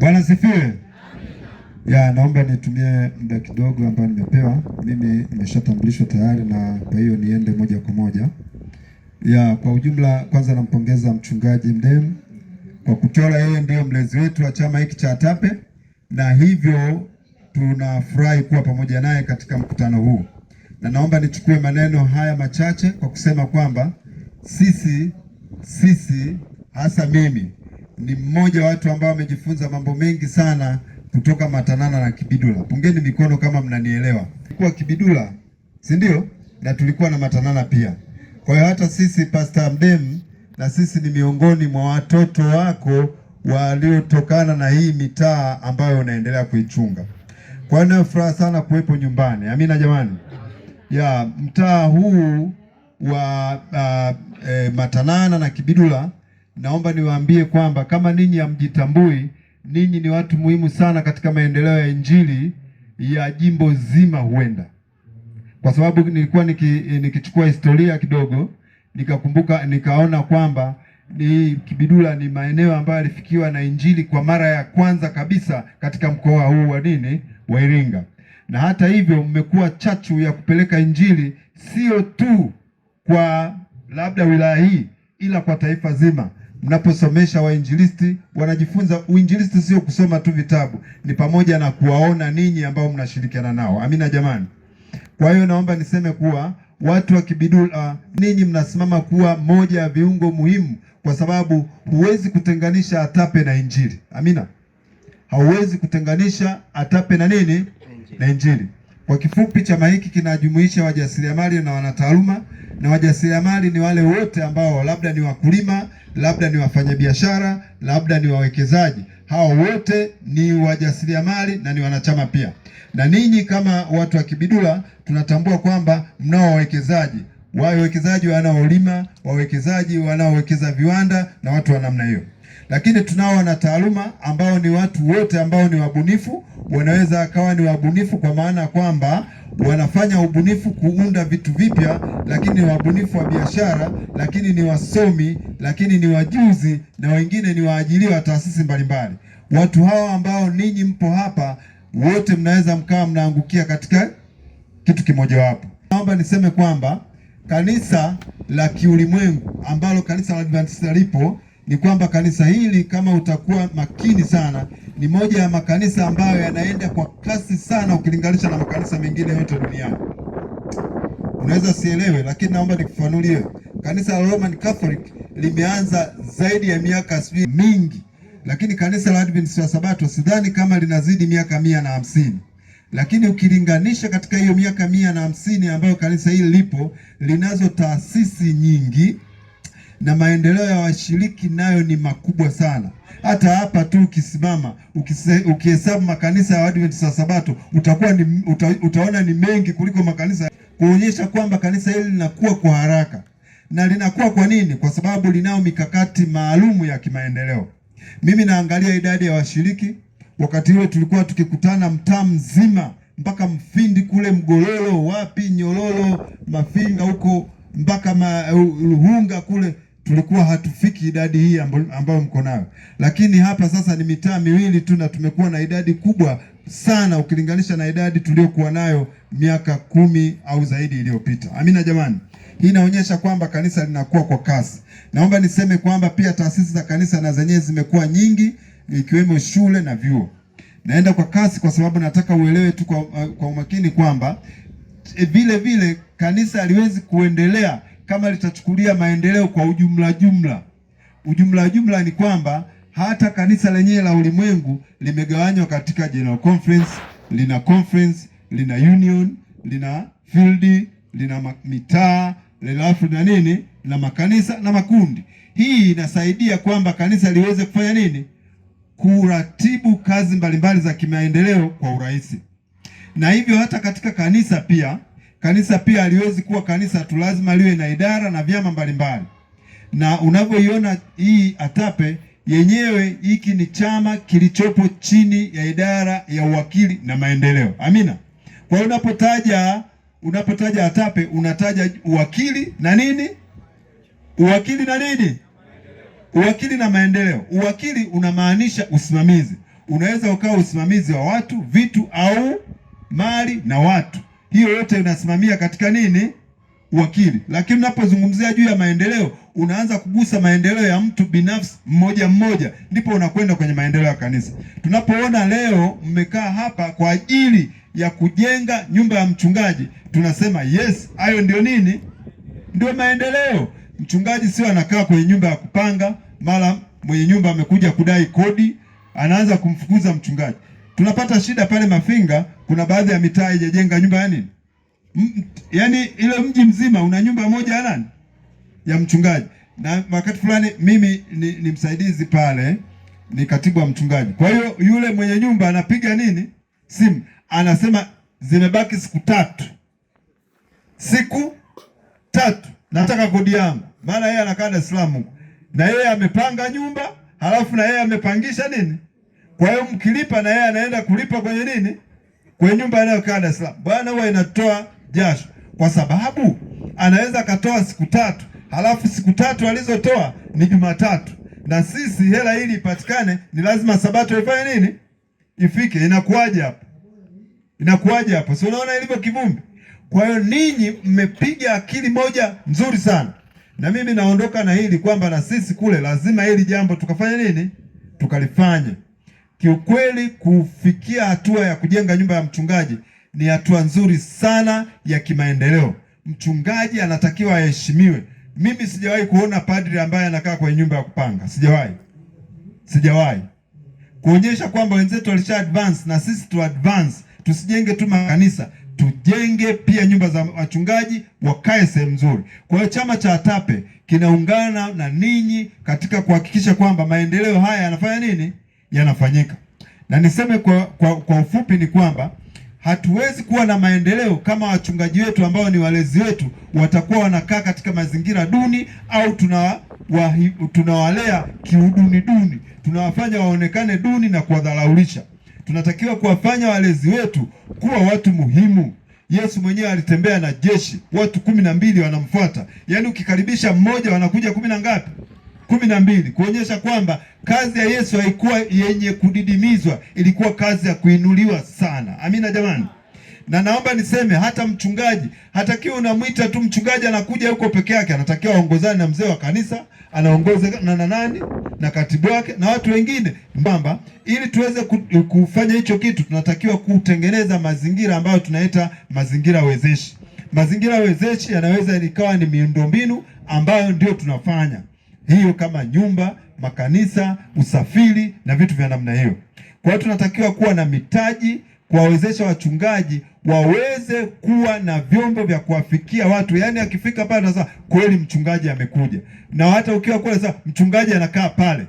Bwana sifiwe. Ya, naomba nitumie muda kidogo ambao nimepewa. Mimi nimeshatambulishwa tayari na kwa hiyo niende moja kwa moja. Ya, kwa ujumla kwanza nampongeza mchungaji Mdemu kwa kuchora, yeye ndiyo mlezi wetu wa chama hiki cha ATAPE na hivyo tunafurahi kuwa pamoja naye katika mkutano huu, na naomba nichukue maneno haya machache kwa kusema kwamba sisi sisi hasa mimi ni mmoja wa watu ambao wamejifunza mambo mengi sana kutoka Matanana na Kibidula. Pungeni mikono kama mnanielewa. Kwa Kibidula, si ndio? Na tulikuwa na Matanana pia. Kwa hiyo hata sisi Pastor Mdem na sisi ni miongoni mwa watoto wako waliotokana na hii mitaa ambayo unaendelea kuichunga. Kwa hiyo furaha sana kuwepo nyumbani. Amina jamani. Ya mtaa huu wa uh, eh, Matanana na Kibidula naomba niwaambie kwamba kama ninyi hamjitambui, ninyi ni watu muhimu sana katika maendeleo ya injili ya jimbo zima. Huenda kwa sababu nilikuwa niki, nikichukua historia kidogo nikakumbuka nikaona kwamba ni Kibidula ni maeneo ambayo yalifikiwa na injili kwa mara ya kwanza kabisa katika mkoa huu wa nini wa Iringa, na hata hivyo mmekuwa chachu ya kupeleka injili sio tu kwa labda wilaya hii ila kwa taifa zima mnaposomesha wainjilisti, wanajifunza uinjilisti. Sio kusoma tu vitabu, ni pamoja na kuwaona ninyi ambao mnashirikiana nao. Amina jamani. Kwa hiyo naomba niseme kuwa watu wa Kibidula, ah, ninyi mnasimama kuwa moja ya viungo muhimu, kwa sababu huwezi kutenganisha ATAPE na Injili. Amina, hauwezi kutenganisha ATAPE na nini, na Injili. Kwa kifupi, chama hiki kinajumuisha wajasiriamali na wanataaluma, na wajasiriamali ni wale wote ambao labda ni wakulima, labda ni wafanyabiashara, labda ni wawekezaji. Hao wote ni wajasiriamali na ni wanachama pia. Na ninyi kama watu wa Kibidula tunatambua kwamba mnao wawekezaji wawekezaji wanaolima, wawekezaji wanaowekeza viwanda na watu wa namna hiyo lakini tunao wanataaluma ambao ni watu wote ambao ni wabunifu. Wanaweza akawa ni wabunifu kwa maana kwamba wanafanya ubunifu kuunda vitu vipya, lakini ni wabunifu wa biashara, lakini ni wasomi, lakini ni wajuzi, na wengine ni waajiriwa wa taasisi mbalimbali. Watu hawa ambao ninyi mpo hapa wote mnaweza mkawa mnaangukia katika kitu kimojawapo. Naomba niseme kwamba kanisa la kiulimwengu ambalo kanisa la Adventista lipo ni kwamba kanisa hili kama utakuwa makini sana, ni moja ya makanisa ambayo yanaenda kwa kasi sana ukilinganisha na makanisa mengine yote duniani. Unaweza sielewe, lakini naomba nikufanulie, kanisa la Roman Catholic limeanza zaidi ya miaka sijui mingi, lakini kanisa la Adventist wa Sabato sidhani kama linazidi miaka mia na hamsini lakini ukilinganisha katika hiyo miaka mia na hamsini ambayo kanisa hili lipo, linazo taasisi nyingi na maendeleo ya washiriki nayo ni makubwa sana. Hata hapa tu ukisimama ukihesabu makanisa ya Waadventista wa Sabato utakuwa ni, uta, utaona ni mengi kuliko makanisa, kuonyesha kwamba kanisa hili linakuwa kwa haraka na linakuwa kwa nini? Kwa sababu linao mikakati maalum ya kimaendeleo. Mimi naangalia idadi ya washiriki. Wakati ule tulikuwa tukikutana mtaa mzima mpaka Mfindi kule Mgololo, wapi Nyololo, Mafinga huko mpaka Ruhunga kule tulikuwa hatufiki idadi hii ambayo mko nayo, lakini hapa sasa ni mitaa miwili tu na tumekuwa na idadi kubwa sana ukilinganisha na idadi tuliyokuwa nayo miaka kumi au zaidi iliyopita. Amina jamani, hii inaonyesha kwamba kanisa linakuwa kwa kasi. Naomba niseme kwamba pia taasisi za kanisa na zenyewe zimekuwa nyingi, ikiwemo shule na vyuo. Naenda kwa kasi kwa sababu nataka uelewe tu kwa, uh, kwa umakini kwamba eh, vile vile kanisa haliwezi kuendelea kama litachukulia maendeleo kwa ujumla jumla. Ujumla jumla ni kwamba hata kanisa lenyewe la ulimwengu limegawanywa katika general conference, lina conference, lina union, lina field, lina mitaa, lilafu na nini na makanisa na makundi. Hii inasaidia kwamba kanisa liweze kufanya nini, kuratibu kazi mbalimbali za kimaendeleo kwa urahisi, na hivyo hata katika kanisa pia Kanisa pia haliwezi kuwa kanisa tu, lazima liwe na idara na vyama mbalimbali. Na unavyoiona hii ATAPE yenyewe, hiki ni chama kilichopo chini ya idara ya uwakili na maendeleo. Amina. Kwa hiyo unapotaja unapotaja ATAPE unataja uwakili na nini? Uwakili na nini? Uwakili na maendeleo. Uwakili unamaanisha usimamizi, unaweza ukawa usimamizi wa watu, vitu au mali na watu hiyo yote inasimamia katika nini? Wakili. Lakini unapozungumzia juu ya maendeleo, unaanza kugusa maendeleo ya mtu binafsi mmoja mmoja, ndipo unakwenda kwenye maendeleo ya kanisa. Tunapoona leo mmekaa hapa kwa ajili ya kujenga nyumba ya mchungaji, tunasema yes, hayo ndio nini? Ndio maendeleo. Mchungaji sio anakaa kwenye nyumba ya kupanga, mara mwenye nyumba amekuja kudai kodi, anaanza kumfukuza mchungaji tunapata shida pale Mafinga. Kuna baadhi ya mitaa haijajenga nyumba ya nini, yaani ile mji mzima una nyumba moja ya nani, ya mchungaji. Na wakati fulani mimi ni, ni msaidizi pale, ni katibu wa mchungaji. Kwa hiyo yule mwenye nyumba anapiga nini simu, anasema zimebaki siku tatu, siku tatu nataka kodi yangu, maana yeye anakaa Dar es Salaam na yeye amepanga nyumba halafu na yeye amepangisha nini kwa hiyo mkilipa na yeye anaenda kulipa kwenye nini? Kwenye nyumba anayokaa Dar es Salaam. Bwana huwa inatoa jasho, kwa sababu anaweza akatoa siku tatu, halafu siku tatu alizotoa ni Jumatatu, na sisi hela ili ipatikane ni lazima sabato ifanye nini? Ifike. Inakuwaje hapo? Inakuwaje hapo? Si unaona ilivyo kivumbi? Kwa hiyo ninyi mmepiga akili moja nzuri sana, na mimi naondoka na hili kwamba na sisi kule lazima hili jambo tukafanye nini, tukalifanye. Kiukweli, kufikia hatua ya kujenga nyumba ya mchungaji ni hatua nzuri sana ya kimaendeleo. Mchungaji anatakiwa aheshimiwe. Mimi sijawahi kuona padri ambaye anakaa kwenye nyumba ya kupanga, sijawahi, sijawahi. Kuonyesha kwamba wenzetu walisha advance na sisi tu advance, tusijenge tu makanisa, tujenge pia nyumba za wachungaji, wakae sehemu nzuri. Kwa hiyo chama cha ATAPE kinaungana na ninyi katika kuhakikisha kwamba maendeleo haya yanafanya nini yanafanyika. Na niseme kwa, kwa, kwa ufupi ni kwamba hatuwezi kuwa na maendeleo kama wachungaji wetu ambao ni walezi wetu watakuwa wanakaa katika mazingira duni au tuna tunawalea kiuduni duni, tunawafanya waonekane duni na kuwadhalaulisha Tunatakiwa kuwafanya walezi wetu kuwa watu muhimu. Yesu mwenyewe alitembea na jeshi, watu kumi na mbili wanamfuata. Yaani ukikaribisha mmoja wanakuja kumi na ngapi? kumi na mbili kuonyesha kwamba kazi ya Yesu haikuwa yenye kudidimizwa, ilikuwa kazi ya kuinuliwa sana. Amina jamani. Na naomba niseme hata mchungaji hatakiwa, unamwita tu mchungaji anakuja yuko peke yake, anatakiwa aongozane na mzee wa kanisa, anaongoze na, na nani na katibu wake na watu wengine mbamba. Ili tuweze kufanya hicho kitu, tunatakiwa kutengeneza mazingira ambayo tunaita mazingira wezeshi. Mazingira wezeshi yanaweza ikawa ni miundombinu ambayo ndio tunafanya hiyo kama nyumba, makanisa, usafiri na vitu vya namna hiyo. Kwa hiyo tunatakiwa kuwa na mitaji kuwawezesha wachungaji waweze kuwa na vyombo vya kuwafikia watu, yaani akifika pale anasema kweli mchungaji amekuja, na hata ukiwa kule sasa mchungaji anakaa pale.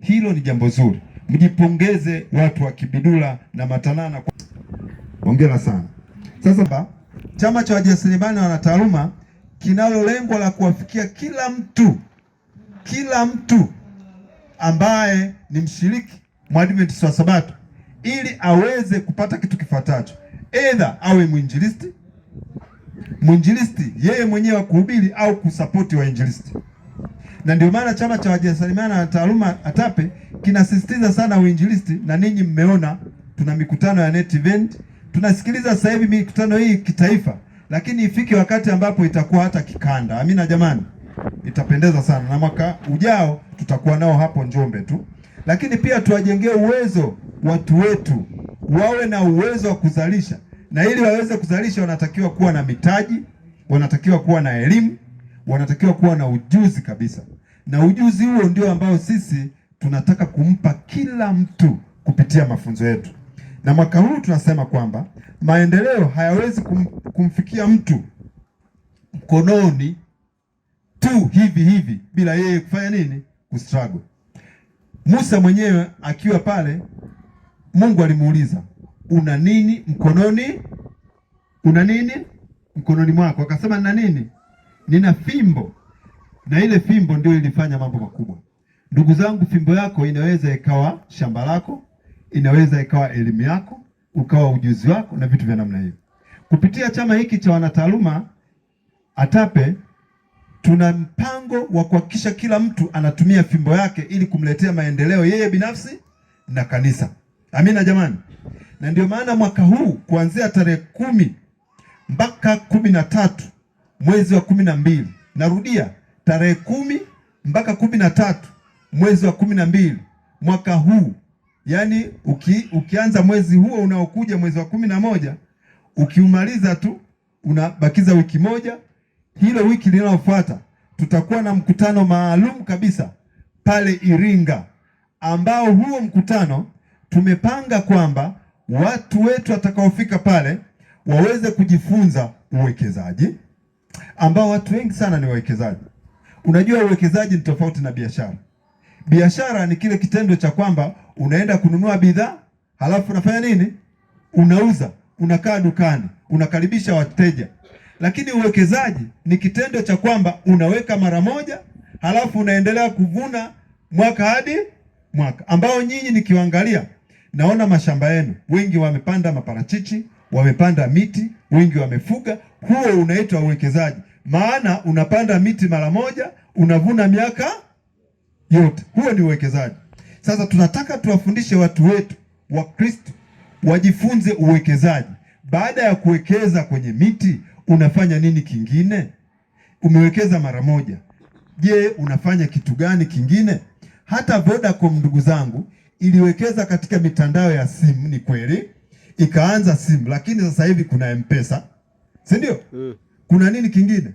Hilo ni jambo zuri, mjipongeze watu wa Kibidula na Matanana, hongera sana. Sasa ba, chama cha wajasiriamali na wanataaluma kinalo lengo la kuwafikia kila mtu kila mtu ambaye ni mshiriki mwadventista wa Sabato ili aweze kupata kitu kifuatacho: edha awe mwinjilisti, mwinjilisti yeye mwenyewe wa kuhubiri au kusapoti wainjilisti. Na ndio maana chama cha wajasiriamali na taaluma ATAPE kinasisitiza sana uinjilisti, na ninyi mmeona tuna mikutano ya net event, tunasikiliza sasa hivi mikutano hii kitaifa, lakini ifike wakati ambapo itakuwa hata kikanda. Amina jamani itapendeza sana, na mwaka ujao tutakuwa nao hapo Njombe tu, lakini pia tuwajengee uwezo watu wetu, wawe na uwezo wa kuzalisha, na ili waweze kuzalisha wanatakiwa kuwa na mitaji, wanatakiwa kuwa na elimu, wanatakiwa kuwa na ujuzi kabisa, na ujuzi huo ndio ambao sisi tunataka kumpa kila mtu kupitia mafunzo yetu. Na mwaka huu tunasema kwamba maendeleo hayawezi kum, kumfikia mtu mkononi tu hivi hivi bila yeye kufanya nini, kustruggle. Musa mwenyewe akiwa pale, Mungu alimuuliza una nini mkononi, una nini mkononi mwako? Akasema nina nini, nina fimbo. Na ile fimbo ndio ilifanya mambo makubwa. Ndugu zangu, fimbo yako inaweza ikawa shamba lako, inaweza ikawa elimu yako, ukawa ujuzi wako na vitu vya namna hiyo. Kupitia chama hiki cha wanataaluma ATAPE Tuna mpango wa kuhakikisha kila mtu anatumia fimbo yake ili kumletea maendeleo yeye binafsi na kanisa. Amina jamani. Na ndio maana mwaka huu kuanzia tarehe kumi mpaka kumi na tatu mwezi wa kumi na mbili narudia, tarehe kumi mpaka kumi na tatu mwezi wa kumi na mbili mwaka huu, yaani uki, ukianza mwezi huo unaokuja mwezi wa kumi na moja ukiumaliza tu unabakiza wiki moja. Hilo wiki linalofuata tutakuwa na mkutano maalum kabisa pale Iringa, ambao huo mkutano tumepanga kwamba watu wetu watakaofika pale waweze kujifunza uwekezaji, ambao watu wengi sana ni wawekezaji. Unajua, uwekezaji ni tofauti na biashara. Biashara ni kile kitendo cha kwamba unaenda kununua bidhaa halafu unafanya nini? Unauza, unakaa dukani, unakaribisha wateja. Lakini uwekezaji ni kitendo cha kwamba unaweka mara moja halafu unaendelea kuvuna mwaka hadi mwaka, ambao nyinyi nikiwaangalia naona mashamba yenu wengi wamepanda maparachichi, wamepanda miti, wengi wamefuga. Huo unaitwa uwekezaji, maana unapanda miti mara moja unavuna miaka yote. Huo ni uwekezaji. Sasa tunataka tuwafundishe watu wetu wa Kristo wajifunze uwekezaji. Baada ya kuwekeza kwenye miti unafanya nini kingine? Umewekeza mara moja, je, unafanya kitu gani kingine? Hata Vodacom ndugu zangu iliwekeza katika mitandao ya simu, ni kweli ikaanza simu, lakini sasa hivi kuna Mpesa, si ndio? Mm. Kuna nini kingine?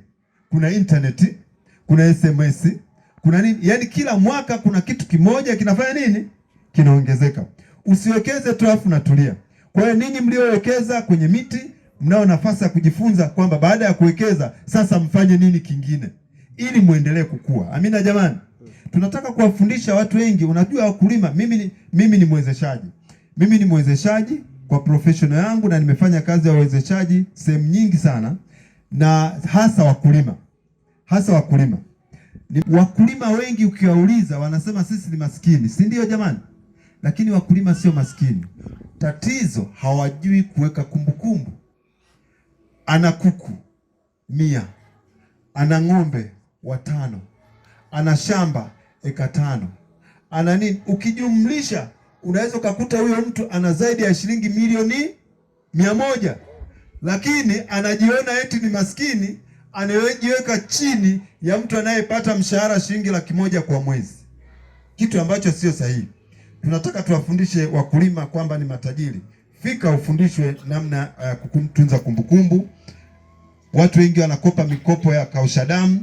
Kuna intaneti, kuna SMS, kuna nini? Yaani kila mwaka kuna kitu kimoja kinafanya nini, kinaongezeka. Usiwekeze tu afu natulia. Kwa hiyo ninyi mliowekeza kwenye miti mnao nafasi ya kujifunza kwamba baada ya kuwekeza sasa mfanye nini kingine ili muendelee kukua. Amina jamani, tunataka kuwafundisha watu wengi. Unajua wakulima, mimi, mimi ni mwezeshaji, mimi ni mwezeshaji kwa professional yangu, na nimefanya kazi ya uwezeshaji sehemu nyingi sana, na hasa wakulima, hasa wakulima ni, wakulima wengi ukiwauliza wanasema sisi ni maskini, si ndio jamani? Lakini wakulima sio maskini, tatizo hawajui kuweka kumbukumbu ana kuku mia, ana ng'ombe watano, ana shamba eka tano, ana nini. Ukijumlisha unaweza ukakuta huyo mtu ana zaidi ya shilingi milioni mia moja, lakini anajiona eti ni maskini anayejiweka chini ya mtu anayepata mshahara shilingi laki moja kwa mwezi, kitu ambacho sio sahihi. Tunataka tuwafundishe wakulima kwamba ni matajiri. Fika ufundishwe namna ya uh, eh, kutunza kumbukumbu. Watu wengi wanakopa mikopo ya kausha damu.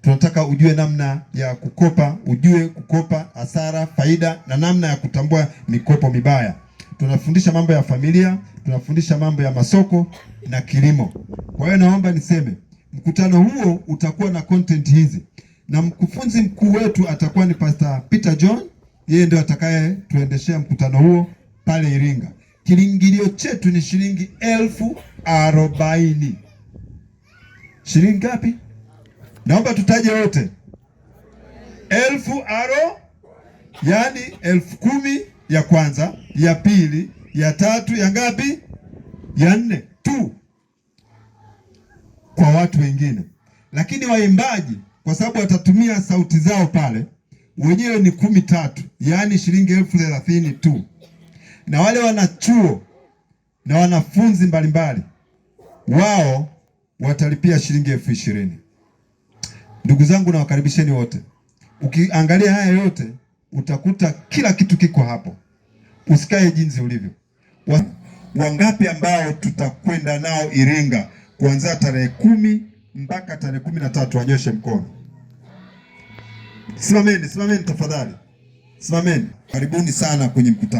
Tunataka ujue namna ya kukopa, ujue kukopa, hasara, faida na namna ya kutambua mikopo mibaya. Tunafundisha mambo ya familia, tunafundisha mambo ya masoko na kilimo. Kwa hiyo naomba niseme mkutano huo utakuwa na content hizi, na mkufunzi mkuu wetu atakuwa ni Pastor Peter John, yeye ndio atakaye tuendeshea mkutano huo pale Iringa. Kilingilio chetu ni shilingi elfu arobaini shilingi ngapi? Naomba tutaje wote elfu aro, yaani elfu kumi ya kwanza, ya pili, ya tatu, ya ngapi? Ya nne tu kwa watu wengine, lakini waimbaji kwa sababu watatumia sauti zao pale, wenyewe ni kumi tatu, yaani shilingi elfu thelathini tu, na wale wanachuo na wanafunzi mbalimbali wao watalipia shilingi elfu ishirini. Ndugu zangu, na wakaribisheni wote. Ukiangalia haya yote utakuta kila kitu kiko hapo, usikae jinsi ulivyo. Wangapi ambao tutakwenda nao Iringa kuanzia tarehe kumi mpaka tarehe kumi na tatu wanyoshe mkono. Simameni, simameni tafadhali, simameni. Karibuni sana kwenye mkutano.